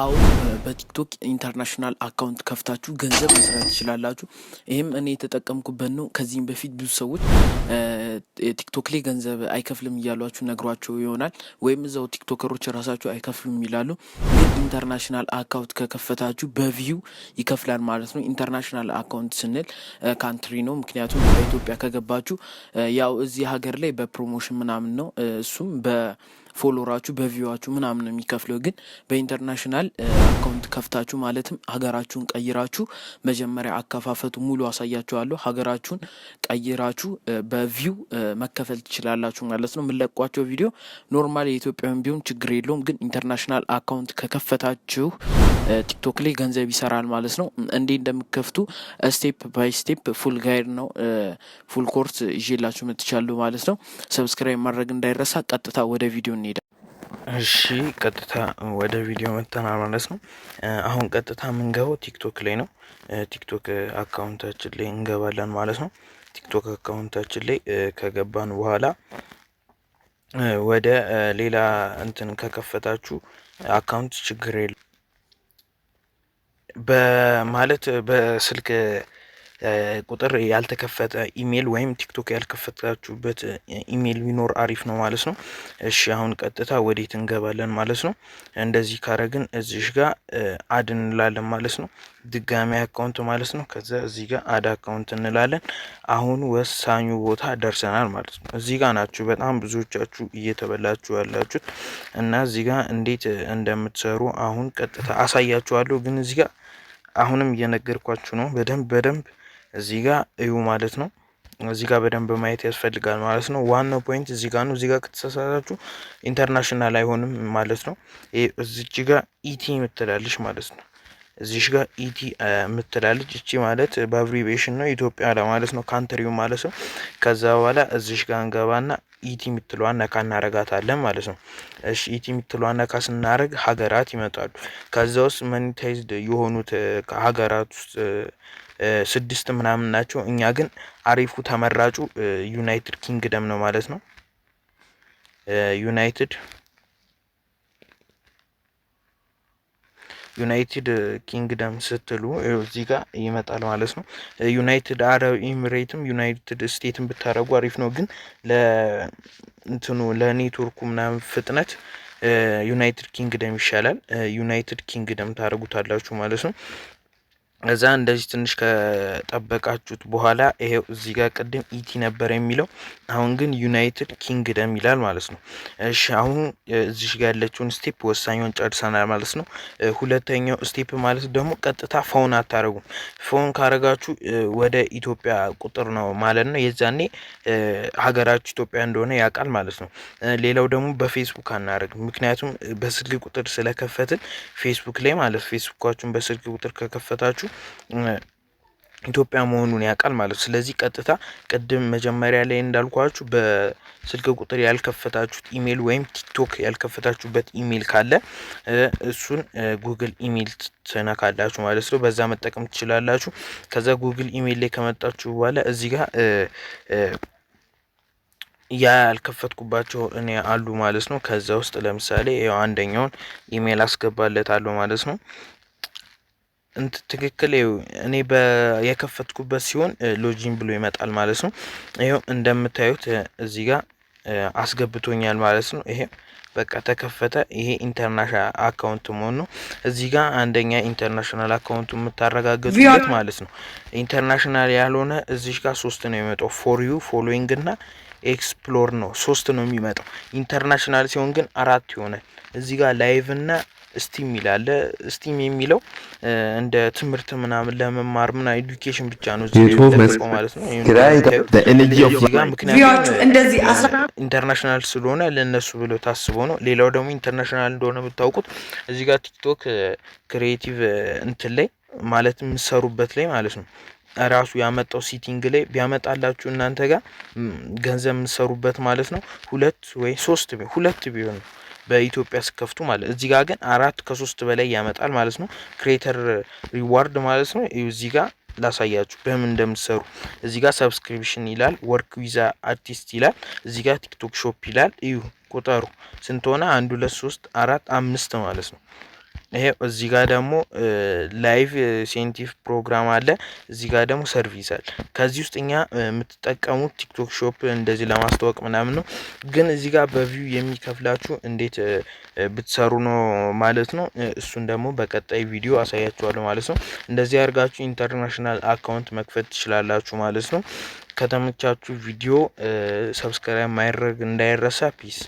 አሁን በቲክቶክ ኢንተርናሽናል አካውንት ከፍታችሁ ገንዘብ መስራት ትችላላችሁ። ይህም እኔ የተጠቀምኩበት ነው። ከዚህም በፊት ብዙ ሰዎች ቲክቶክ ላይ ገንዘብ አይከፍልም እያሏችሁ ነግሯቸው ይሆናል፣ ወይም እዛው ቲክቶከሮች ራሳቸው አይከፍሉም ይላሉ። ግን ኢንተርናሽናል አካውንት ከከፈታችሁ በቪው ይከፍላል ማለት ነው። ኢንተርናሽናል አካውንት ስንል ካንትሪ ነው። ምክንያቱም በኢትዮጵያ ከገባችሁ ያው እዚህ ሀገር ላይ በፕሮሞሽን ምናምን ነው እሱም በ ፎሎራችሁ በቪዋችሁ ምናምን ነው የሚከፍለው። ግን በኢንተርናሽናል አካውንት ከፍታችሁ ማለትም ሀገራችሁን ቀይራችሁ መጀመሪያ አከፋፈቱ ሙሉ አሳያችኋለሁ። ሀገራችሁን ቀይራችሁ በቪው መከፈል ትችላላችሁ ማለት ነው። የምንለቋቸው ቪዲዮ ኖርማል የኢትዮጵያን ቢሆን ችግር የለውም፣ ግን ኢንተርናሽናል አካውንት ከከፈታችሁ ቲክቶክ ላይ ገንዘብ ይሰራል ማለት ነው። እንዴ እንደምከፍቱ ስቴፕ ባይ ስቴፕ ፉል ጋይድ ነው ፉል ኮርስ ይዤላችሁ መጥቻለሁ ማለት ነው። ሰብስክራይብ ማድረግ እንዳይረሳ። ቀጥታ ወደ ቪዲዮ እንሄዳል። እሺ ቀጥታ ወደ ቪዲዮ መጥተናል ማለት ነው። አሁን ቀጥታ የምንገባው ቲክቶክ ላይ ነው። ቲክቶክ አካውንታችን ላይ እንገባለን ማለት ነው። ቲክቶክ አካውንታችን ላይ ከገባን በኋላ ወደ ሌላ እንትን ከከፈታችሁ አካውንት ችግር የለም። በማለት በስልክ ቁጥር ያልተከፈተ ኢሜል ወይም ቲክቶክ ያልከፈታችሁበት ኢሜል ቢኖር አሪፍ ነው ማለት ነው። እሺ አሁን ቀጥታ ወዴት እንገባለን ማለት ነው። እንደዚህ ካረግን እዚሽ ጋር አድ እንላለን ማለት ነው። ድጋሚ አካውንት ማለት ነው። ከዛ እዚህ ጋር አድ አካውንት እንላለን። አሁን ወሳኙ ቦታ ደርሰናል ማለት ነው። እዚህ ጋር ናችሁ በጣም ብዙዎቻችሁ እየተበላችሁ ያላችሁት እና እዚህ ጋር እንዴት እንደምትሰሩ አሁን ቀጥታ አሳያችኋለሁ። ግን እዚህ ጋር አሁንም እየነገርኳችሁ ነው። በደንብ በደንብ እዚህ ጋር እዩ ማለት ነው። እዚህ ጋር በደንብ ማየት ያስፈልጋል ማለት ነው። ዋናው ፖይንት እዚህ ጋር ነው። እዚህ ጋር ከተሳሳታችሁ ኢንተርናሽናል አይሆንም ማለት ነው። እዚች ጋር ኢቲ ምትላለች ማለት ነው። እዚሽ ጋር ኢቲ e የምትላለች እቺ ማለት በአብሪቬሽን ነው ኢትዮጵያ ለማለት ነው፣ ካንትሪው ማለት ነው። ከዛ በኋላ እዚሽ ጋር እንገባና ኢቲ e የምትለዋ ነካ እናረጋታለን ማለት ነው። እሺ ኢቲ e የምትለዋ ነካ ስናረግ ሀገራት ይመጣሉ። ከዛ ውስጥ መኒታይዝድ የሆኑት ሀገራት ውስጥ ስድስት ምናምን ናቸው። እኛ ግን አሪፉ ተመራጩ ዩናይትድ ኪንግደም ነው ማለት ነው። ዩናይትድ ዩናይትድ ኪንግደም ስትሉ እዚህ ጋር ይመጣል ማለት ነው። ዩናይትድ አረብ ኤሚሬትም ዩናይትድ ስቴትም ብታደረጉ አሪፍ ነው፣ ግን ለእንትኑ ለኔትወርኩ ምናምን ፍጥነት ዩናይትድ ኪንግደም ይሻላል። ዩናይትድ ኪንግደም ታደረጉታላችሁ ማለት ነው። እዛ እንደዚህ ትንሽ ከጠበቃችሁት በኋላ ይሄው እዚህ ጋር ቅድም ኢቲ ነበር የሚለው አሁን ግን ዩናይትድ ኪንግደም ይላል ማለት ነው። እሺ አሁን እዚህ ጋር ያለችውን ስቴፕ ወሳኛውን ጨርሰናል ማለት ነው። ሁለተኛው ስቴፕ ማለት ደግሞ ቀጥታ ፎን አታረጉም። ፎን ካረጋችሁ ወደ ኢትዮጵያ ቁጥር ነው ማለት ነው። የዛኔ ሀገራችሁ ኢትዮጵያ እንደሆነ ያውቃል ማለት ነው። ሌላው ደግሞ በፌስቡክ አናደርግ፣ ምክንያቱም በስልክ ቁጥር ስለከፈትን ፌስቡክ ላይ ማለት ፌስቡካችሁን በስልክ ቁጥር ከከፈታችሁ ኢትዮጵያ መሆኑን ያውቃል ማለት ነው። ስለዚህ ቀጥታ ቅድም መጀመሪያ ላይ እንዳልኳችሁ በስልክ ቁጥር ያልከፈታችሁት ኢሜል ወይም ቲክቶክ ያልከፈታችሁበት ኢሜል ካለ እሱን ጉግል ኢሜል ትነካላችሁ ማለት ነው። በዛ መጠቀም ትችላላችሁ። ከዛ ጉግል ኢሜል ላይ ከመጣችሁ በኋላ እዚህ ጋር ያልከፈትኩባቸው እኔ አሉ ማለት ነው። ከዛ ውስጥ ለምሳሌ ያው አንደኛውን ኢሜል አስገባለታለሁ ማለት ነው። ትክክል እኔ የከፈትኩበት ሲሆን ሎጂን ብሎ ይመጣል ማለት ነው። ይ እንደምታዩት እዚህ ጋር አስገብቶኛል ማለት ነው። ይሄ በቃ ተከፈተ። ይሄ ኢንተርናሽናል አካውንት መሆን ነው። እዚህ ጋር አንደኛ ኢንተርናሽናል አካውንቱ የምታረጋግጡበት ማለት ነው። ኢንተርናሽናል ያልሆነ እዚህ ጋር ሶስት ነው የሚመጣው ፎር ዩ ፎሎዊንግ እና ኤክስፕሎር ነው ሶስት ነው የሚመጣው። ኢንተርናሽናል ሲሆን ግን አራት ይሆናል። እዚህ ጋር ላይቭ እና ስቲም ይላለ። ስቲም የሚለው እንደ ትምህርት ምናምን ለመማር ምና ኤዱኬሽን ብቻ ነው ማለት ነው። ኢንተርናሽናል ስለሆነ ለእነሱ ብሎ ታስቦ ነው። ሌላው ደግሞ ኢንተርናሽናል እንደሆነ ብታውቁት እዚህ ጋር ቲክቶክ ክሪኤቲቭ እንትን ላይ ማለት የምሰሩበት ላይ ማለት ነው ራሱ ያመጣው ሲቲንግ ላይ ቢያመጣላችሁ እናንተ ጋር ገንዘብ የምሰሩበት ማለት ነው። ሁለት ወይ ሶስት ሁለት ቢሆን ነው በኢትዮጵያ ስከፍቱ ማለት እዚህ ጋር ግን አራት ከሶስት በላይ ያመጣል ማለት ነው። ክሬተር ሪዋርድ ማለት ነው። እዚህ ጋር ላሳያችሁ በምን እንደምትሰሩ እዚህ ጋር ሰብስክሪፕሽን ይላል፣ ወርክ ዊዛ አርቲስት ይላል፣ እዚህ ጋር ቲክቶክ ሾፕ ይላል። እዩ ቁጠሩ ስንት ሆነ? አንድ ሁለት ሶስት አራት አምስት ማለት ነው። ይሄ እዚህ ጋር ደግሞ ላይቭ ሴንቲቭ ፕሮግራም አለ። እዚህ ጋር ደግሞ ሰርቪስ አለ። ከዚህ ውስጥ እኛ የምትጠቀሙት ቲክቶክ ሾፕ እንደዚህ ለማስተዋወቅ ምናምን ነው። ግን እዚህ ጋር በቪው የሚከፍላችሁ እንዴት ብትሰሩ ነው ማለት ነው። እሱን ደግሞ በቀጣይ ቪዲዮ አሳያችኋለሁ ማለት ነው። እንደዚህ አድርጋችሁ ኢንተርናሽናል አካውንት መክፈት ትችላላችሁ ማለት ነው። ከተመቻችሁ ቪዲዮ ሰብስክራይብ ማድረግ እንዳይረሳ። ፒስ